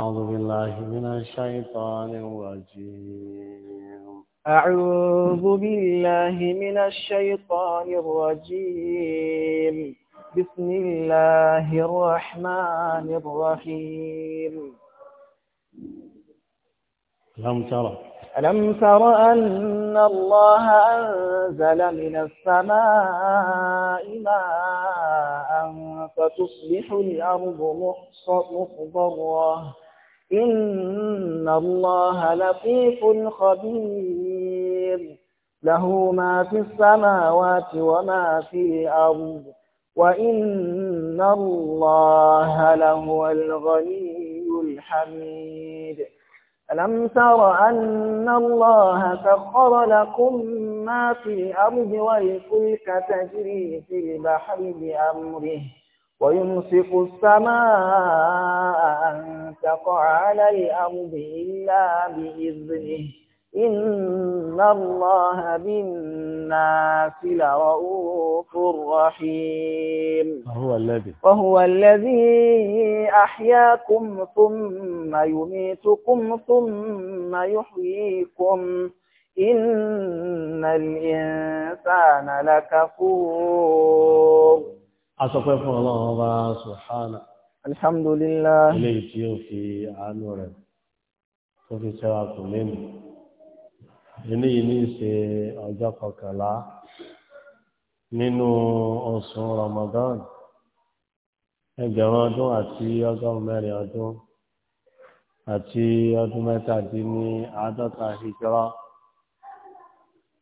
أعوذ بالله من الشيطان الرجيم أعوذ بالله من الشيطان الرجيم بسم الله الرحمن الرحيم لم ترى ألم تر أن الله أنزل من السماء ماء فتصبح الأرض مخضرة إن الله لطيف خبير له ما في السماوات وما في الأرض وإن الله لهو الغني الحميد ألم تر أن الله سخر لكم ما في الأرض والفلك تجري في البحر بأمره ويمسك السماء يخلق على الأرض إلا بإذنه إن الله بالناس لرؤوف رحيم وهو الذي وهو الذي أحياكم ثم يميتكم ثم يحييكم إن الإنسان لكفور أتقف الله سبحانه alhamdulillah. eléyìí tí ó fi àánú rẹ̀ tó fi ṣẹ́wà kò lẹ́nu eléyìí ní í ṣe ọjọ́ kọkànlá nínú oṣù Ramadan ẹgbẹ̀rún ọdún àti ọgọ́rùn mẹ́rin ọdún àti ọdún mẹ́tàdínní àádọ́ta hijira.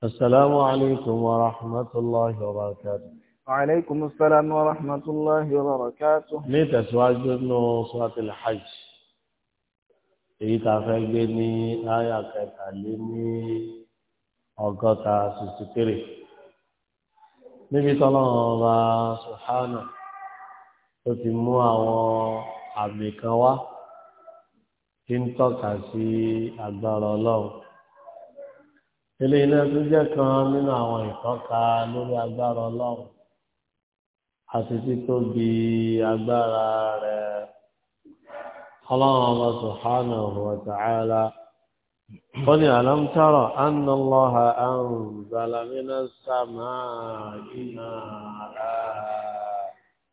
Assalamu alaikum wa rahmatullahi wa barakatuh. وعليكم السلام ورحمة الله وبركاته ní tẹ̀síwájú nínú suratul hajj èyí tá a fẹ́ gbé ní àyà kẹtàlé ní ọgọ́ta sixty three níbi tọ́lọ́run ọba sùhánà ó ti mú àwọn àmì kan wá tí ń tọ́ka sí agbára ọlọ́run eléyìí náà tún jẹ́ kan nínú àwọn ìtọ́ka lórí agbára ọlọ́run àti títóbi agbára rẹ̀ ọlọ́run ọba subhanahu wa ta'ala ó ní alam tara anna Allaha anzala minas samaa'i ma'an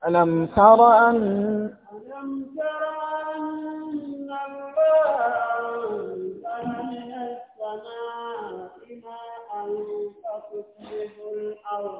alam tara an alam tara anna Allaha anzala minas samaa'i ma'an fasahihul ardh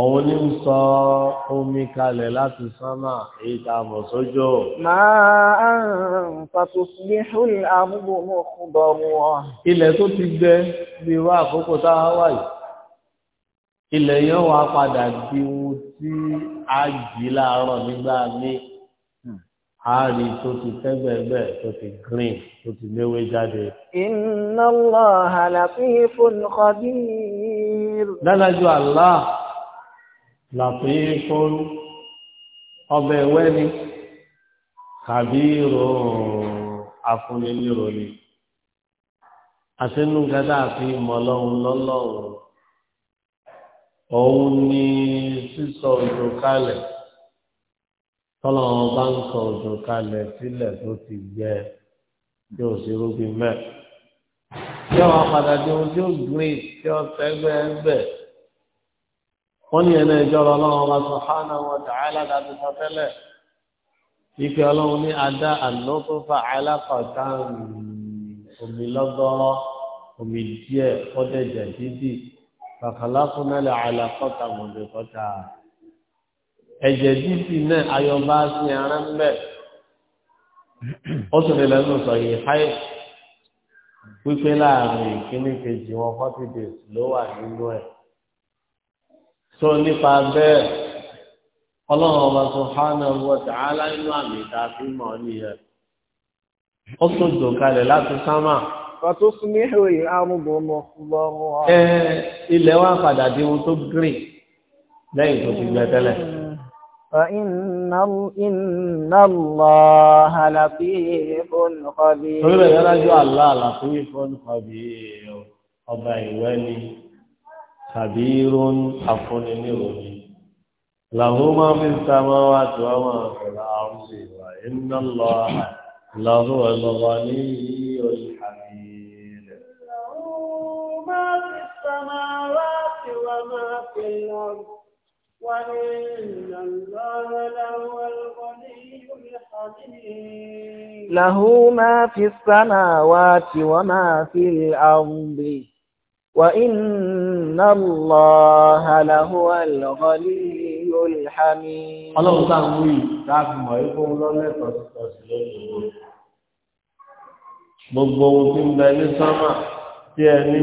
Òun ní ń sọ omi kalẹ̀ láti sánmà èyí tá a mọ̀ sójò. Máa ń fàtòsílẹ̀ ṣúlì àmúgbò mú ọkùnbọ̀ wọn. Ilẹ̀ tó ti gbẹ bí wá àkókò tá a wà yìí. Ilẹ̀ yẹn wà padà di ohun tí a jì láàárọ̀ nígbà míì. Ààrí tó ti tẹ́gbẹ̀ẹ́gbẹ̀ tó ti green tó ti léwé jáde. Inna Allaha latifun khabir. Dájú Allah làfíìfún ọbẹ̀ ẹ̀wẹ́ ni kàbírò afúnilérò ni àtinúgádá àfi mọ̀lọ́hún lọ́lọ́hún òun ni sísọ òjò kalẹ̀ tọ́lọ́wọ́n bá ń sọ òjò kalẹ̀ sílẹ̀ tó ti gbẹ yóò ṣe rúbí mẹ́ẹ̀. tí wọ́n padà di ohun tí ó fẹ́ gbẹ́ gbẹ́. wọ́n ní ẹ̀nà ìjọ ọlọ́run ọba subhanahu wa ta'ala láti sọ ìfẹ́ ọlọ́run ní adá ànọ́tọ́fà aláfàtà omi lọ́gọ́rọ́ omi díẹ̀ kọ́dẹ̀jẹ̀ dídì kàkàlá fún ẹlẹ́ ẹ̀jẹ̀ dídì náà ayọ̀bá sí ara ń bẹ̀ ó sì lẹ́nu sọ yìí háì pípé láàrin ìkíní kejì wọn ló tó nípa bẹ́ẹ̀ ọlọ́run ọba subhanahu wa ta'ala inú àmì ìdáfí mọ̀ ní ẹ̀ ó tó jò kalẹ̀ láti sámà. Fọ́tún súnmí ìròyìn arúgbó mọ̀ lọ́rùn ọ. Ẹ ilẹ̀ wa padà di ohun tó green lẹ́yìn tó ti gbẹ tẹ́lẹ̀. Inna Allah latifun khabir. Orílẹ̀-èdè Alájọ́ Allah latifun khabir ọba ìwẹ́ ni. kàbíró afúniléròyìn. له ما في السماوات وما في الأرض وإن الله لهو الغني الحميد له ما في السماوات وما في الأرض وإن الله لهو الغني الحميد له ما في السماوات وما في الأرض وَإِنَّ اللَّهَ لَهُوَ الْغَنِيُّ الْحَمِيدُ Ọlọ́run tá ń wí láti mọ̀ ikú lọ́lẹ́tọ̀ sí lọ́dún. Gbogbo ohun tí ń bẹ ní sánmà tí ẹ ní.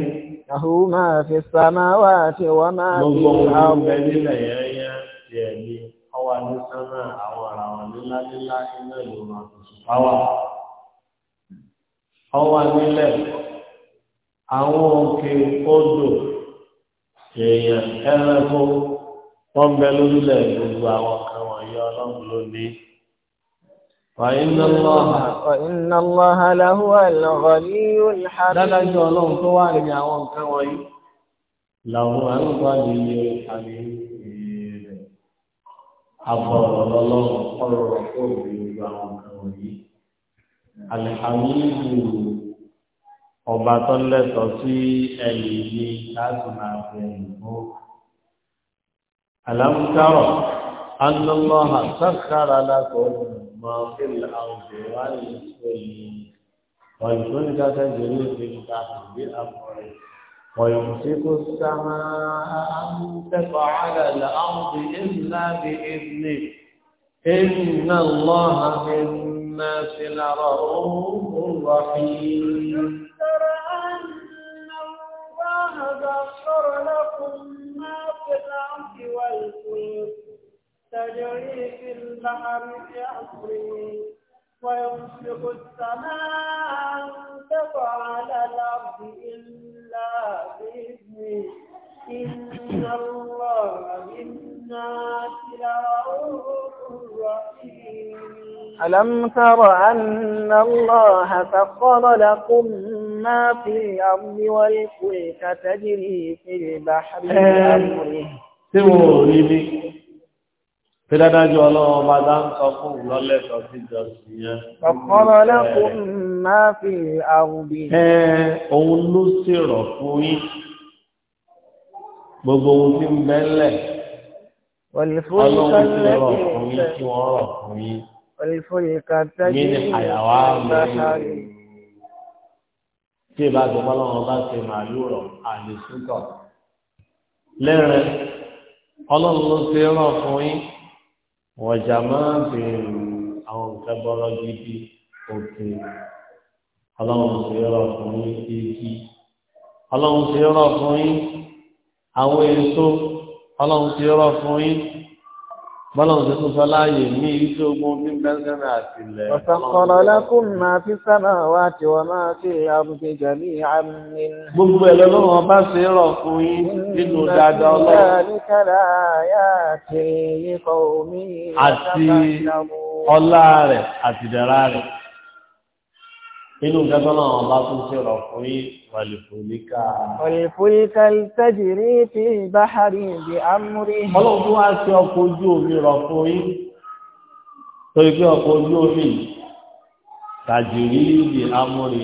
Àhú máa fi sánmà wà tí wọ́n máa fi Gbogbo ohun tí ń bẹ nílẹ̀ yẹ́yẹ́ tí ẹ ní. Ọwà ní sánmà àwọn àràwọ̀ nílá nílá iná ìlú àtùsùpáwà. Ọwà nílẹ̀ àwọn òkè odò èèyàn ẹranko wọn bẹ lórílẹ̀ gbogbo àwọn kan wọ̀nyí ọlọ́run ló ní. Wàyínà Allah aláhu àlọ́gọ́ ní olùhárí. Dádájú ọlọ́run tó wà ní àwọn nǹkan wọ̀nyí. Làwọn àlùkò ní ilé àmì ìrẹ̀. Àbọ̀rọ̀ lọ́lọ́run ọ̀rọ̀ kò ní gbogbo àwọn nǹkan wọ̀nyí. Àlùkò ní ìlú ọba tó lẹ́tọ̀ọ́ sí ẹ̀yìn ni láti máa fi ẹ̀yìn mú. Àlámúkárọ̀, Anúlọ́hà sákàrà lákòókò mọ fílà àwùjọ wá ní ìṣẹ̀lẹ̀. Ọ̀yìn tó ní káṣá jẹ́rí òfin níta àbí àkọrẹ́. Ọ̀yìn tí kò sámá àmúkẹ́kọ̀ọ́ àdàlà àwùjọ ìlà bí ìdílé. إن الله مما في الأرض الرحيم لكم ما في الأرض والفلك تجري في البحر بأمره ويمسك السماء أن تقع على الأرض إلا بإذنه إن الله بإذنه ألم تر أن الله فقر لكم ما في الأرض والفلك تجري في البحر بأمره tí mo rí ní pé dádájú ọlọ́wọ́ bá dá ń sọ fún ìlọ́lẹ̀ sọ sí ìjọsìn yẹn. ọ̀pọ̀lọ́ lẹ́kùn máa fi àwùbí. ẹ òun ló ṣèrọ̀ fún yín gbogbo ohun tí ń bẹ́lẹ̀ والفلك التي والفلك تجري البحر tí ìbá tó bá lọ́wọ́ bá ṣe màálù rọ̀ àlè súnkọ̀. lẹ́rìn ọlọ́run ló ṣe rọ̀ fún yín wọ̀jà máa bèèrè àwọn nǹkan bọ́rọ̀ gidi àwọn èso ọlọ́run ti rọ́ fún yín bọ́lọ̀n tó tún fọláyè ní ìṣẹ́ ogun ní bẹ́ńsẹ̀mẹ̀ àti ilẹ̀. ọ̀sàkọ̀nà lakum máa fi sábà wá ti wọ́n máa fi àbùkẹ́ jẹ̀mí àmì. gbogbo ẹ̀ lọ́wọ́ bá ṣe rọ̀ fún yín nínú dáadáa ọlọ́run. àti ọlá rẹ̀ àti ìdára rẹ̀ nínú ìjọba náà wọn bá tún ṣe rọ fún yí wàlìfòlíkà. wàlìfòlíkà tajiri fi báhárì ìdí amúrí. ọlọ́run tó wá sí ọkọ̀ ojú omi rọ fún yí torí pé ọkọ̀ ojú omi tajiri ìdí amúrí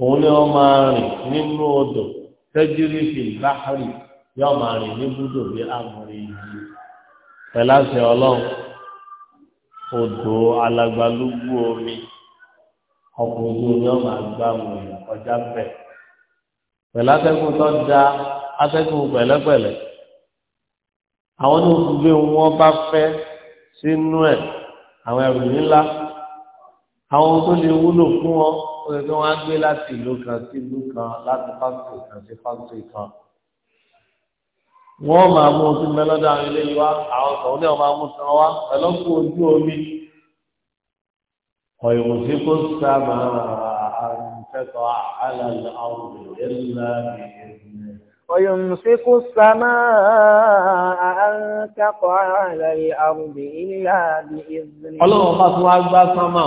òun ni wọn máa rìn nínú odò tajiri fi báhárì yóò máa rìn ní bí amúrí yìí pẹ̀lú ọlọ́run odò alagbalúgbú omi ọkùnrin omi ọmọ àgbà wọnyí ọjà bẹ pẹ̀lú atẹ́gùn tó da atẹ́gùn pẹ̀lẹ́pẹ̀lẹ́ àwọn ní oṣù bí wọn bá fẹ́ sínú ẹ àwọn ẹrù ńlá àwọn tó lè wúlò fún ọ ó yẹ kí wọn á gbé láti ìlú kan sí ìlú kan láti fásitì kan sí fásitì kan wọ́n máa mú oṣù mẹ́lọ́dà ilé wa àwọn sọ̀rọ̀ ní ọmọ amúsan wa ẹlọ́kùn ojú omi ọ̀yọ̀mùsí kò sábà àǹtẹ̀tọ̀ àlàlẹ̀ àwọn ìlà ìlẹ̀. ويمسك السماء أن تقع على الأرض إلا بإذنه ọlọ́run bá tún wá gbá sánmà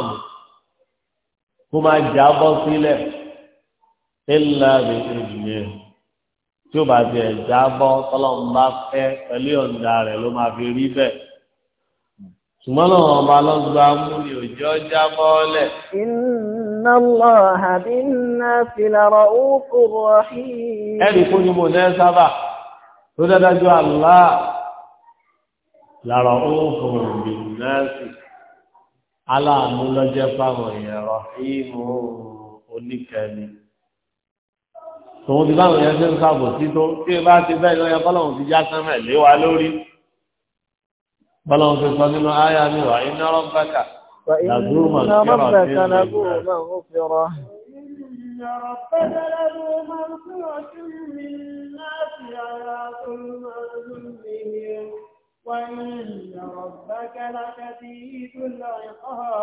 إلا بإذنه tí ó bá ti ẹ̀ jábọ́ tọ́lọ́run bá fẹ́ pẹ̀lú ọ̀dà rẹ̀ ló máa fi rí bẹ́ẹ̀. ṣùgbọ́n náà ọba lọ́gbà mú ni òjò jábọ́ lẹ̀. inna Allaha bin-nasi la-ra'ufur rahim. ẹnì fún ni mo dẹ́ sábà tó dájú Allah la-ra'ufur bin-nasi aláàánú lọ́jẹ́ fáwọn èèyàn rọ̀ ìmọ̀ oníkẹ́ni tòun ti báwọn yẹn ṣe ń sábò sí tó tí ẹ bá ti bẹ́ẹ̀ lọ́yẹ bọ́lọ́hún ti já sánmẹ̀ lé wa lórí bọ́lọ́hún ti sọ nínú àyà mi wà iná rọ́bàkà làdúró mà kẹ́rọ̀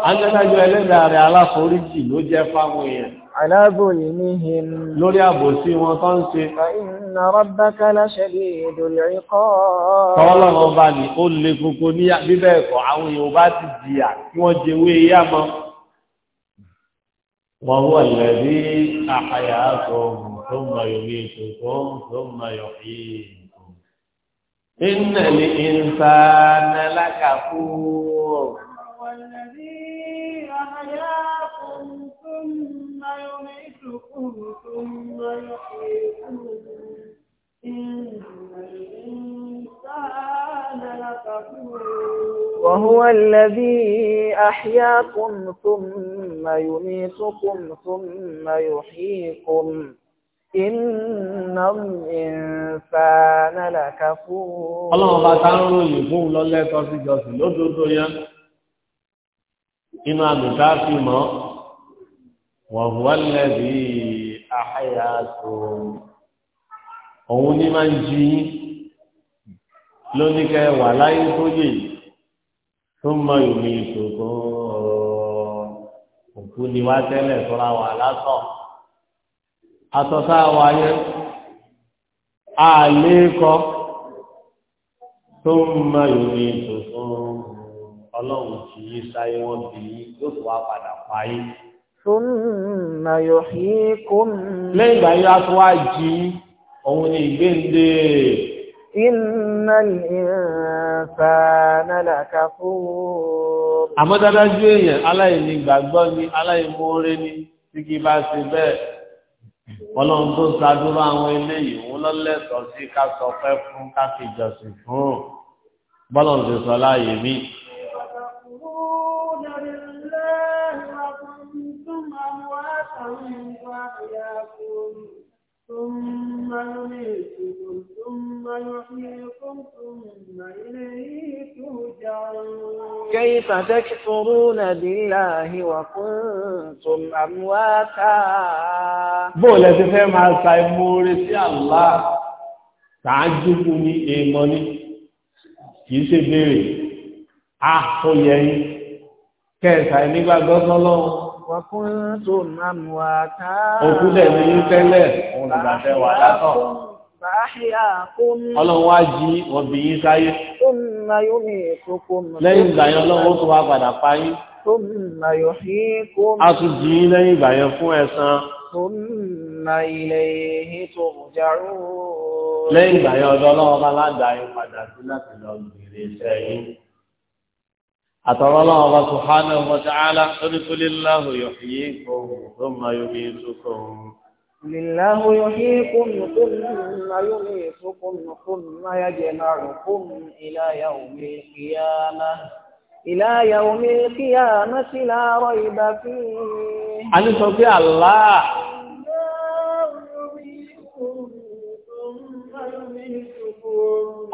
Agbẹ́dájọ́ ẹlẹ́dàá rẹ̀ aláforíjì ló jẹ́ fáwọn èèyàn alábòlì níhìn. lórí àbòsí wọn tó ń ṣe. inna rabbaka la shadidul iqab. tọ́lọ́wọ́ bá ní ó lè koko ní bíbẹ̀ ẹ̀kọ́ àwọn èèyàn bá ti jìyà kí wọ́n jẹ yá mọ́. wọ́n wọ̀ lẹ́bí àkàyà tó tó mọ̀ yòóyè tó tó tó mọ̀ yòóyè. inna li insana lakafur. وهو الذي أحياكم ثم يميتكم ثم يحييكم إن الإنسان لكفور الله bá tánrò yìnbó lọ́lẹ́tọ́ sí jọsìn lódodo yẹn inú àmì tá وهو الذي أحياكم òun ní máa ń jí yín lónìí kẹ wà láyé tó yè tó mọ ìmì ìṣòro òkú ni wá tẹ́lẹ̀ tọ́ra wà látọ̀ atọ́sá wáyé àlékọ́ tó mọ ìmì ìṣòro ọlọ́run kì í sáyé wọ́n bì í yóò tó wá padà pa yín. ثم يحييكم لين بقى أتواجي أوني بندي إن الإنسان لكفور àmọ́ dájú èèyàn aláìní gbàgbọ́ ni aláìmoore ni tí kì í bá ṣe bẹ́ẹ̀ ọlọ́run tó ṣàdúrà àwọn eléyìí wọn lọ́lẹ́tọ̀ọ́ sí ká sọ pé fún ká fi jọ̀sìn fún bọ́lọ̀ ń ṣe sọ láàyè mí. ثم أمواتهم وأحياكم ثم يميتكم ثم يحييكم ثم إليه ترجعون كيف تكفرون بالله وكنتم أمواتا بولة فيما سيمور سي الله تعجبني إيماني kìí ṣe béèrè àtọyẹyìn kẹsàn-án nígbàgbọ́sọ́lọ́wọ́ وكنتم أمواتا وكنتم يتلى ونبات وعلاقا Ọlọ́run wá jí ọbì yín sáyé. Lẹ́yìn ìgbà yẹn ọlọ́run ó tún wá padà bá ládàá yín sí láti lọ gbèrè iṣẹ́ àtọ̀rọ̀ ọlọ́run ọba subhanahu wa ta'ala lórí tó lè láhù yọ̀fìyí kòun tó máa yomi ìtukọ̀. Lìláhù yọ̀fìyí kòun tó máa yomi ìtukọ̀ kòun máa yá jẹ náà rò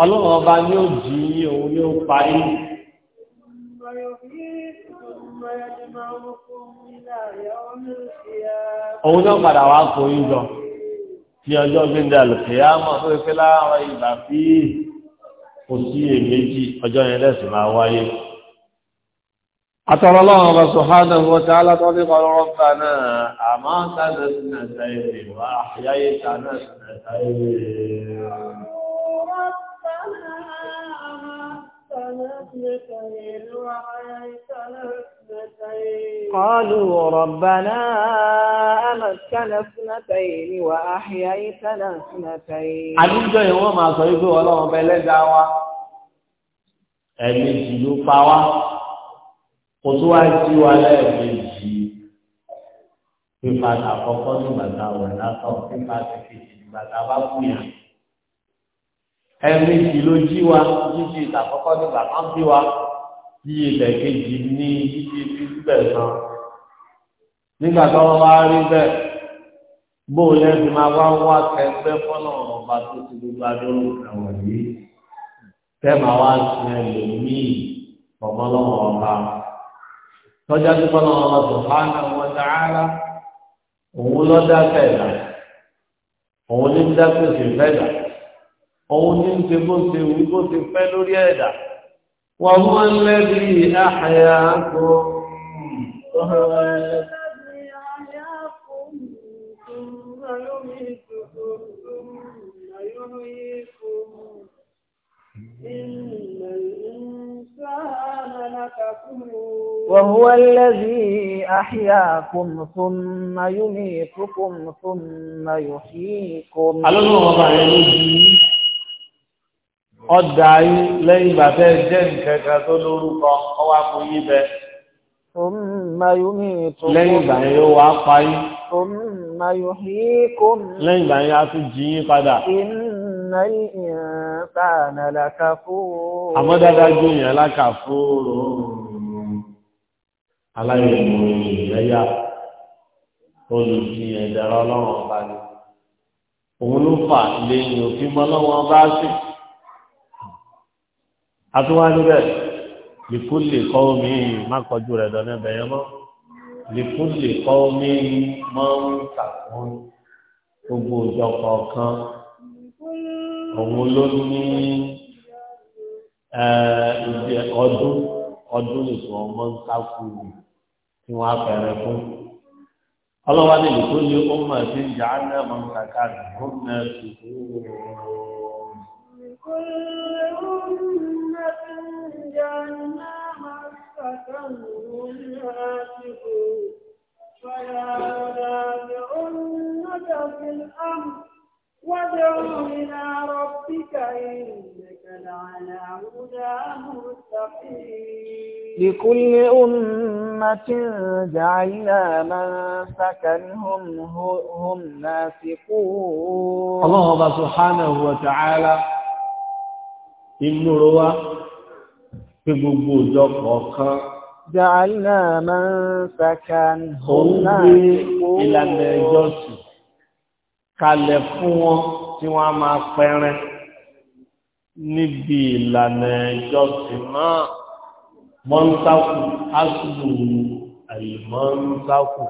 Ọlọ́run ọba ni ó jí òun ni ó parí òun náà padà wá kó yín jọ tí ọjọ́ gbẹ́ndẹ̀ àlùfẹ́yà mọ̀ pé pé láàárọ̀ ìgbà bí kò sí èméjì ọjọ́ yẹn lẹ́sìn máa wáyé. أترى الله سبحانه وتعالى طريق ربنا أماتنا سنتين وأحييتنا سنتين ربنا قالوا ربنا أمتنا اثنتين وأحييتنا اثنتين àdúgbò yìí wọ́n máa sọ wípé ọlọ́run bẹ lẹ́dàá wa ẹ̀mejì ló pa wá kò tó wá jí wa lẹ́ẹ̀mejì pípa àkọ́kọ́ nígbà tá a wẹ̀ látọ̀ pípa ti fi ìgbà tá a bá kú yàn ẹni tí ló jí wa jíjí ìtàkọ́kọ́ ní bàbá ń bí wa bí ilẹ̀ kejì ní jíjí bí síbẹ̀ náà nígbà tó wọn wá rí bẹ́ẹ̀ bó o lẹ́bi máa wá wá kẹgbẹ́ fọ́nà ọba tó ti gbogbo adúrú àwọn yìí tẹ́ máa wá sin ẹlòmíì ọmọlọ́wọ́ ọba tọ́jà tó fọ́nà ọba tó bá ń wọn dáhàrá òun lọ́dá fẹ̀dà òun ní dákòsì fẹ̀dà òun ní ṣe bó ṣe wù bó ṣe fẹ́ lórí ẹ̀dá wọ́n mú lẹ́bí àhàyà kó وهو الذي أحياكم ثم يميتكم ثم يحييكم ọ̀dà yín lẹ́yìn ìgbà tẹ́ jẹ́ nǹkan kan tó lórúkọ ọwọ́ àpò yín bẹ. lẹ́yìn ìgbà yẹn yóò wá pa yín. lẹ́yìn ìgbà yẹn á tún jí yín padà. àmọ́ dáadáa ju èèyàn lákàfóró aláìmọ̀ ìyẹ́yà olùdíyẹ̀ dára ọlọ́run ọba ni òun ló fà lẹ́yìn òfin mọ́ lọ́wọ́ bá sì àtúwá níbẹ̀ lìkúlì kọ́ omi má kọjú rẹ̀ dọ́nà ẹ̀bẹ̀ yẹn mọ́ lìkúlì kọ́ omi mọ́ ń tàkùn gbogbo ìjọ kọ̀ọ̀kan òun ló ní ọdún ọdún nìkan ọmọ ń tàkùn tí wọ́n á fẹ́rẹ̀ fún ọlọ́wà ní lìkúlì ọmọ ti ń jà á náà mọ́ ń tàkà nìkan náà ti kú. لكل أمة جعلنا من سكنهم هم ناسقون الله سبحانه وتعالى إن روى pé gbogbo òjọ kọ̀ọ̀kan. Jàálà máa ń sàkàn òun náà. Òun gbé ìlànà ìjọsìn kalẹ̀ fún wọn tí wọ́n á máa pẹrẹ níbi ìlànà ìjọsìn náà. Mọ́ńtákù Ásùlù àyèmọ́ńtákù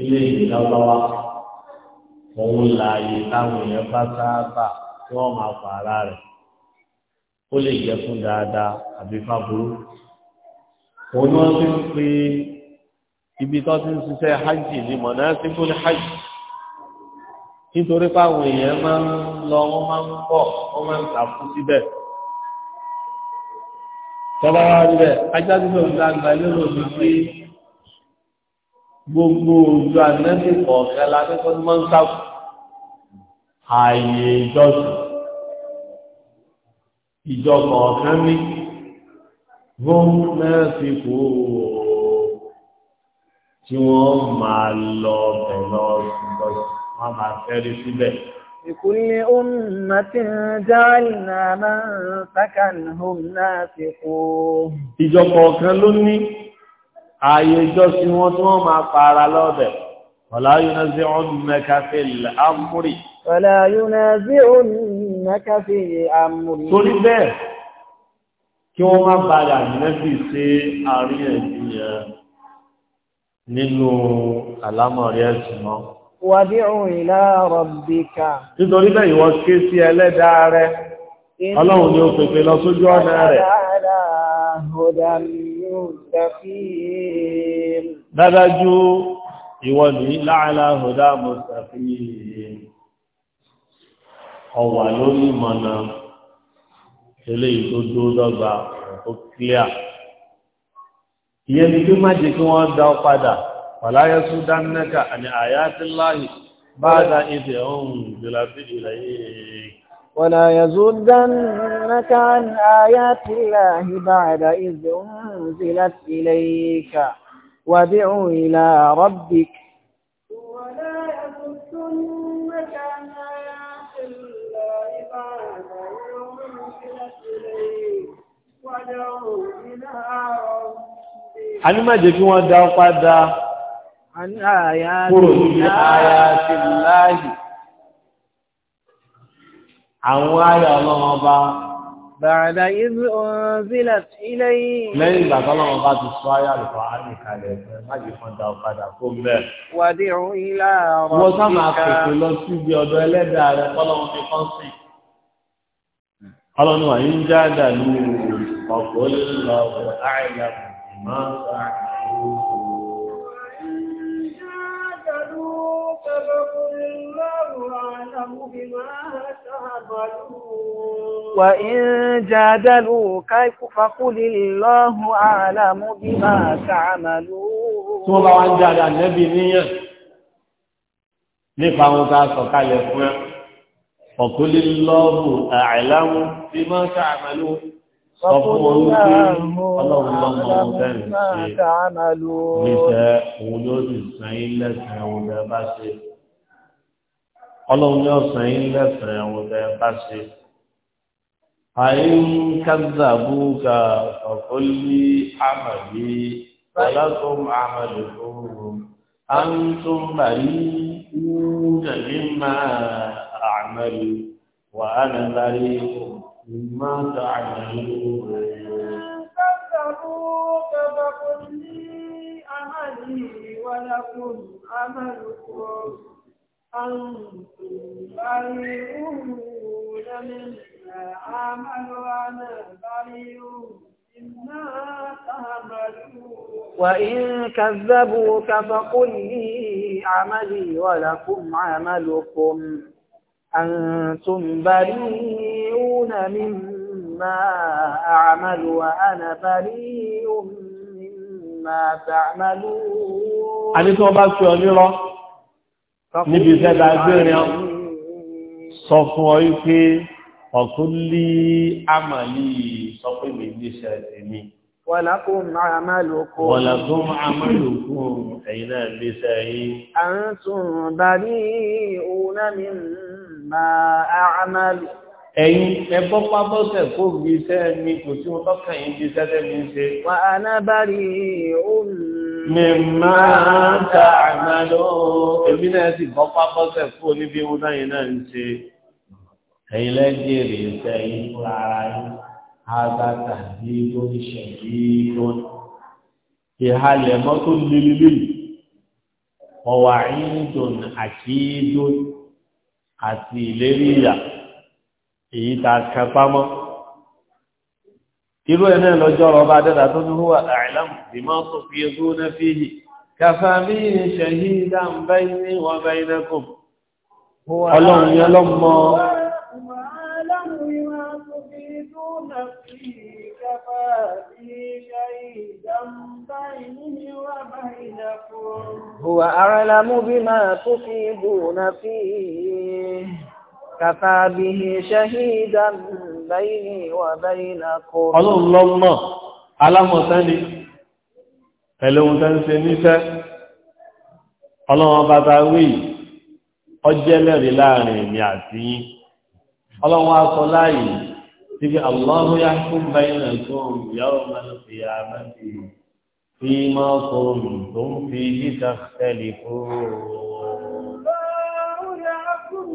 ilé ìdáwọ́wá. Òun làyè táwọn èèyàn bá sáábà tí wọ́n máa pààrà rẹ̀ ó lè jẹ́ fún dáadáa àbí fáburú òun ni wọ́n fi ń pe ibi tó ti ń ṣiṣẹ́ hajj ní mọ̀násíkún hajj nítorí páwọn èèyàn máa ń lọ wọ́n máa ń bọ̀ wọ́n máa ń tàkú síbẹ̀ tọ́ba wá rí bẹ́ẹ̀ ajá tí lòun lágbà lérò ní pé gbogbo òjò ànẹ́bì kọ̀ọ̀kan la ní kó ní máa ààyè ìjọsìn ìjọ kọ̀ọ̀kan ní wọ́n náà fi kú tí wọ́n máa lọ bẹ̀ lọ wọ́n máa fẹ́rí síbẹ̀. Ìkúlé ọmọ tí ń jáàlì náà máa ń sákànhùn náà fi kú. Ìjọ kọ̀ọ̀kan ló ní ààyè ìjọsìn wọn tí wọ́n máa para lọ́bẹ̀. Ọ̀lá ọ̀nà kàfẹ́ àmúrì. Ọ̀lá yóò innaka fi amri. torí bẹ́ẹ̀ kí wọ́n má padà nẹ́bì sí àríyànjiyàn nínú àlámọ̀rí ẹ̀sìn mọ́. wàdí òun ìlà rabbika. nítorí bẹ́ẹ̀ ìwọ ké sí ẹlẹ́dàá rẹ ọlọ́run ni ó pèpè lọ sójú ọ̀nà rẹ̀. dáadájú ìwọ ní láàlá ọwà lórí ìmọ̀nà eléyìí tó dúró dọ́gba tó kílíà ìyẹn ni kí má jẹ́ kí wọ́n dá ọ padà wàláyé sún dánilẹ́kà àní àyá tí bá dá ìdè ọ̀hún ìjọba sí ìlà yìí. ولا يزدنك عن آيات الله بعد إذ أنزلت إليك وادع إلى ربك a ní má jẹ́ kí wọ́n dá padà kúrò níbi aya ti láàyè àwọn aya ọlọ́run ọba bàdà ìlú ọ̀nzílà ilẹ̀ yìí. lẹ́yìn ìgbà tọ́lọ́run bá ti sọ aya lùkọ́ á ẹ̀fẹ́ má jẹ́ kí wọ́n padà kó bẹ́ẹ̀. wàdí òun ilá ọ̀rọ̀ wọ́n sá pèsè lọ síbi ọ̀dọ̀ ẹlẹ́dàá rẹ̀ tọ́lọ́run fi kọ́ sí. ọlọ́run wà ní وقل الله أعلم بما فعلوا إن جادلوك فقل الله أعلم بما تعملون وإن جادلوك فقل الله أعلم بما تعملون ثم وإن جادل النبي نية nípa àwọn tá a sọ kalẹ̀ fún ẹ sọ fún wọn wípé ọlọ́run lọ́mọ ohun tẹ́lẹ̀ ṣe níṣẹ́ òun ló sì san yín lẹ́sàn-án ohun tẹ́ bá ṣe ọlọ́run yóò san yín lẹ́sàn-án ohun tẹ́ bá ṣe. àyín kazàbúkà ọ̀kọ́lé àmàlí ọ̀làkùn àmàlí fún أنتم بريئون مما أعمل وأنا بريء مما تعملون كذبوك فقل لي عملي ولكم عملكم أنتم بريئون مما أعمل وأنا بريء مما تعملون وإن كذبوك فقل لي عملي ولكم عملكم أنتم بريئون مما أعمل وأنا بريء مما تعملون أنت وبعد شعريرا نبي سيد عزيريا صفوا يكي فكلي عملي صفوا من نساتني Wàlákùn àmàlùkùn. Wàlákùn àmàlùkùn ẹ̀yìn náà lé sáyé. Àǹtùn máa àmàlù. Ẹ̀yin ẹbọ́ pábọ́sẹ̀ kó bí iṣẹ́ mi kò tí wọ́n tọ́kà yìí bí iṣẹ́ tẹ́mi ń ṣe. Wà á ná bá rí òun. Mi máa ta àmàlù. Èmi náà sì bọ́ pábọ́sẹ̀ kó níbi wọn náà yìí náà ń ṣe. Ẹ̀yin lẹ́jẹ̀rẹ̀ àti ìlérí ìyà èyí ta kẹpámọ́ irú ẹ̀ náà lọ́jọ́ ọba dẹ́dà tó ní húwà àìlàmù bí máa tó fi egú náà fi hì kàfà bí ìṣẹ̀yí dáńbá ní wọ́n bá iná kò ọlọ́run yẹn lọ́mọ كفى بي شهيدا بيني وبينكم هو أعلم بما تفيدون فيه كفى به شهيدا بيني وبينكم ọlọ́run lọ́mọ̀ alámọ̀sánlẹ̀ ẹ̀lẹ́hun tẹ́ ń ṣe níṣẹ́ ọlọ́run bàbá wí ọjẹ́lẹ̀rí láàrin èmi àti yín ọlọ́run á sọ láàyè Ibi Allahu ya kú bẹ́yìn ẹ̀kọ́ ìyàwó mẹ́lú fi àmà sí fi máa kọrùn tó ń fi jíta tẹ́lì kúrò. Báwo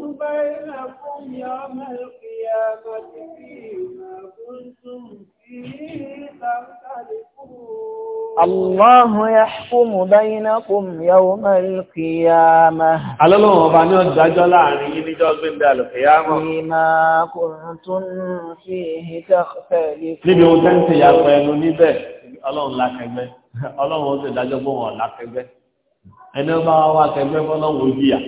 Allahu yahkumu bainakum yawma al-qiyamah. Alọ́lọ́wọ̀n ọba ní ọjọ́ láàrin yìí níjọ́ gbẹ̀ndẹ̀ al-qiyamah. Bima kuntum fihi takhtalifun. Níbi ohun tẹ́ ń ti yàgbẹ́ ẹnu níbẹ̀, ọlọ́run lákẹgbẹ́. Ọlọ́run ó sì dájọ́ bọ́ wọn lákẹgbẹ́. Ẹni ọba wa kẹgbẹ́ fọ́lọ́run ó jìyà.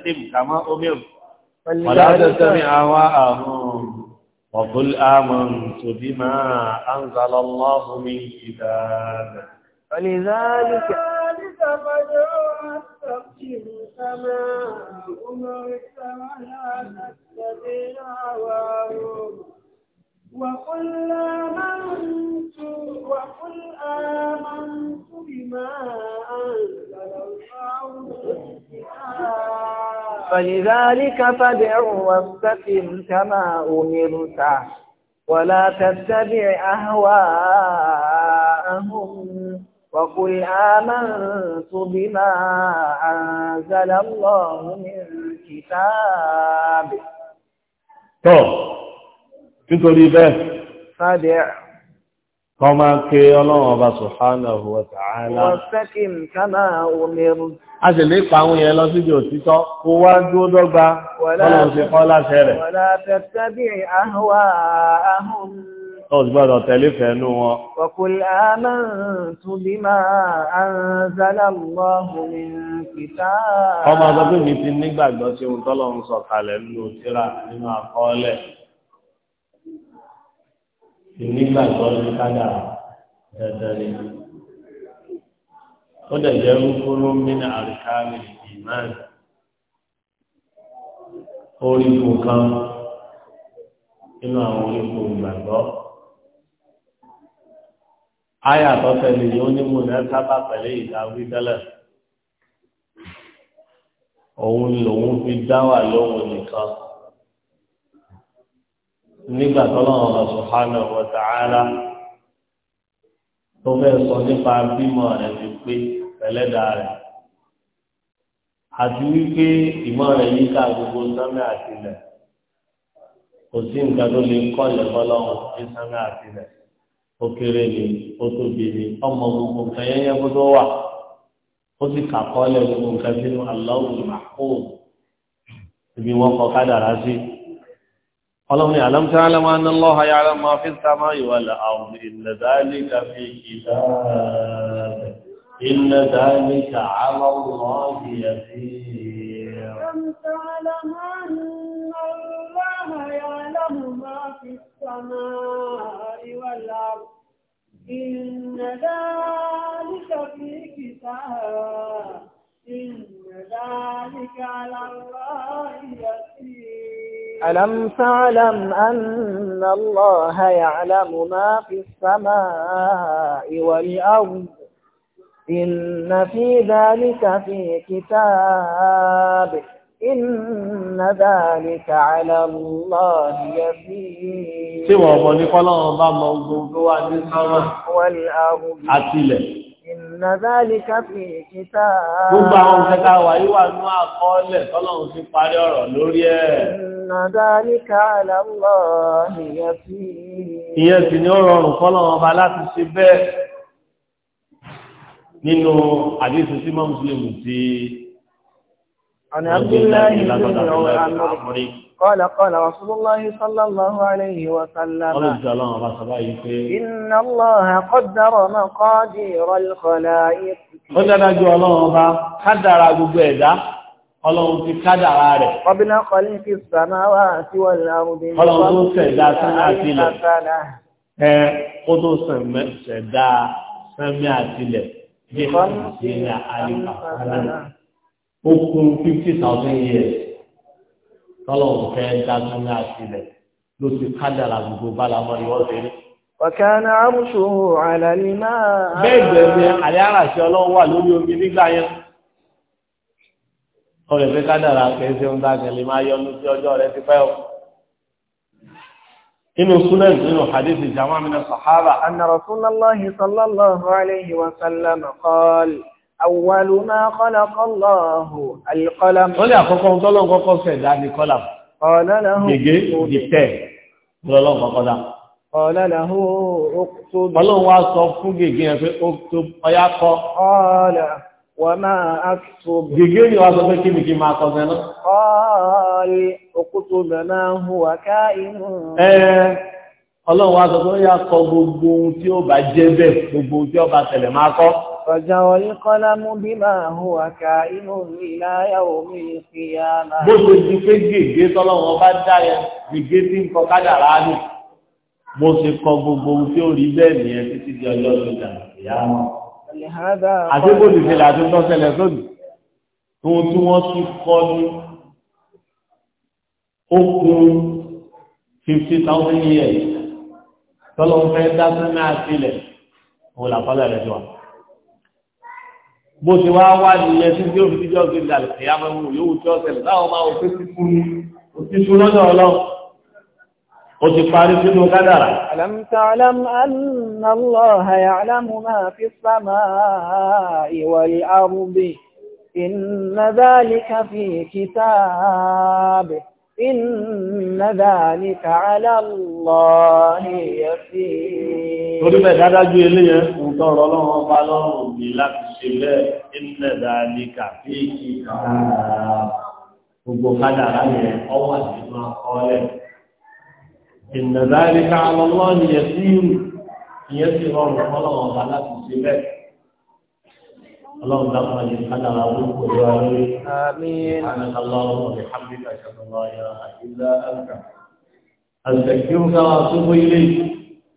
Ìdájọ́ ولا تتبع هواءهم وقل آمنت بما أنزل الله من كتاب ولذلك فادعوا واستقم كما أمرت ولا تتبع هواهم وقل آمنت وقل آمنت بما أنزل الله من فلذلك فادع واستقم كما أمرت ولا تتبع أهواءهم وقل آمنت بما أنزل الله من كتاب. طب. nítorí bẹ́ẹ̀. fadẹ́ kọ́ máa ké ọlọ́run ọba subhanahu wa ta'ala. wọ́n sẹ́kìm kánà omiru. a sì lè pa àwọn yẹn lọ síbi òtítọ́ kó wá dúró dọ́gba ọlọ́run ti kọ́ láṣẹ rẹ̀. wọ́n la tẹ̀síbí àhùwà àhùn. Tọ́sí gbọ́dọ̀ wọn ìnígbàgbọ́ ní kádà dandan ni. ó dẹ̀ jẹ́ rúkúrú mínà àríkàmì ìmáà orígun kan nínú àwọn orígun ìgbàgbọ́. Aya àtọ́tẹ̀lẹ̀ ni ó ní mú náà sábà pẹ̀lú ìdáwí tẹ́lẹ̀. Òun lòun fi dá lóhun nìkan nígbà tọ́lọ́run lọ subhanahu wa ta'ala tó fẹ́ sọ nípa bímọ rẹ̀ ti pé ẹlẹ́dàá rẹ̀ àti wípé ìmọ̀ rẹ̀ yí ká gbogbo sánmẹ́ àtìlẹ̀ kò sí nǹkan tó lè kọ́ ìlẹ̀kọ́ lọ́wọ́ ní sánmẹ́ àtìlẹ̀ ó kéré ni ó tóbi ni ọmọ gbogbo nǹkan yẹn yẹn kó tó wà ó sì kàkọ́ lẹ̀ gbogbo nǹkan sínú Allahul Mahfuz ibi wọn kọ kádàrá sí. قالوا لي ألم تعلم أن الله يعلم ما في السماء والأرض إن ذلك في كتاب إن ذلك على الله يسير ذلك في كتاب إن ذلك على الله يسير ألم تعلم أن الله يعلم ما في السماء والأرض إن في ذلك في كتاب إن ذلك على الله يسير. Ṣé wọ́n mọ̀ ní kọ́lọ́run bá mọ gbogbo wa ní sánmà? Ìnàdálíkà fi ìkítà. Gbogbo àwọn òṣèta wà yíwà ní àkọọ́lẹ̀ tọ́lọ́run fi parí ọ̀rọ̀ lórí ẹ̀. Ìnàdálíkà àlàmọ́ ìyẹn sí. Ìyẹn sì ni ó rọrùn fọ́lọ́run ọba láti ṣe bẹ́ẹ̀ nínú àdéhùn sí Mọ́mùsùlùmù ti عن عبد الله بن عمر قال قال رسول الله صلى الله عليه وسلم إن الله قدر مقادير الخلائق قدر جوالا قدر جوالا Ọlọ́run ti kádàrá rẹ̀. Ọbínà kọlí fi sàmáwà sí wọ́n lárúbí. Ọlọ́run tó ṣẹ̀dá sánmà àti ilẹ̀. Ẹ kó tó ṣẹ̀dá sánmà àti ilẹ̀. Bí ìfọ̀nà sí ní àlìkà sánmà ó kún fifty thousand years tọ́lọ̀ ń fẹ́ dájú ní àṣìlẹ̀ ló ti kádàrà gbogbo bálamọ́ ni wọ́n ṣe rí. Ọ̀kánà àrùsùhù àlàlì máa. Bẹ́ẹ̀ bẹ̀rẹ̀ ni àlẹ́ àràṣẹ ọlọ́run wà lórí omi nígbà yẹn. Ọ̀rẹ́ fẹ́ kádàrà kẹ́ ń dákan lè máa yọnu sí ọjọ́ rẹ ti pẹ́ o. Inú súnà nínú hadithi jama'a min as sallallahu alayhi wa sallam qala. Àwùwàlú máa kọ́lá kọ́lá ọ̀hún àlùkọ́lá. Wọ́n ní àkọ́kọ́ ohun tọ́lọ́ kọ́kọ́ ṣẹ̀dá ní kọ́lá. Gègé ìtẹ̀ lọ́lọ́ kọ́kọ́ dá. Ọlọ́run wá sọ fún gègé yẹn pé ó tó ọyá kọ́. Gègé ni wá sọ pé kí ni kí máa kọ́ sẹ́nu. Ọlọ́run wá sọ pé ó yá kọ gbogbo ohun tí ó bá jẹ́ bẹ́ẹ̀, gbogbo ohun tí ó bá tẹ̀lẹ̀ máa kọ́. Ọjọ́ ìkọlámú bí máa hù àkà inú ìlà ayáwó mi fi àmà. Bó ṣe ti pé gègé tọ́lọ́wọ́ bá dáyẹ, gègé tí ń kọ kádàrá nì. Mo ṣe kọ gbogbo ohun tí ó rí bẹ́ẹ̀ nìyẹn títí di ọjọ́ tó dà ìyá wọn. Àti bó ti ṣe láti tọ́ ṣẹlẹ̀ sódì. Ohun tí wọ́n ti kọ́ ní okun fifty thousand years. Tọ́lọ́wọ́ fẹ́ dá sínú àtìlẹ̀. Òun làkọ́lẹ̀ rẹ̀ ti wà bó ti wá wá nìyẹn tí yóò fi díjọ́ gbé dàlù kìí amẹ́wò yóò tí ọ̀sẹ̀ láwọn máa òfin ti kú ní òfin tún lọ́dọ̀ ọlọ́run ó ti parí sínú kádàrà. alam ta'lam anna allaha ya'lamu ma fi samaa'i wal Inna dhalika ala Allahi yasir. Torí bẹ̀ dádájú ilé yẹn fún tọrọ ọlọ́run ọba lọ́rùn mi láti ṣe lẹ́ Inna dhalika fi ìkà gbogbo kádàrá yẹn ọwà nínú akọọ́lẹ̀. Inna dhalika ala Allahi yasir. Ìyẹn sì rọrùn ọlọ́run ọba láti ṣe lẹ́ẹ̀. اللهم لا اجعل على ذنوب وجواري امين سبحانك اللهم وبحمدك اشهد ان لا اله الا انت استغفرك واتوب اليك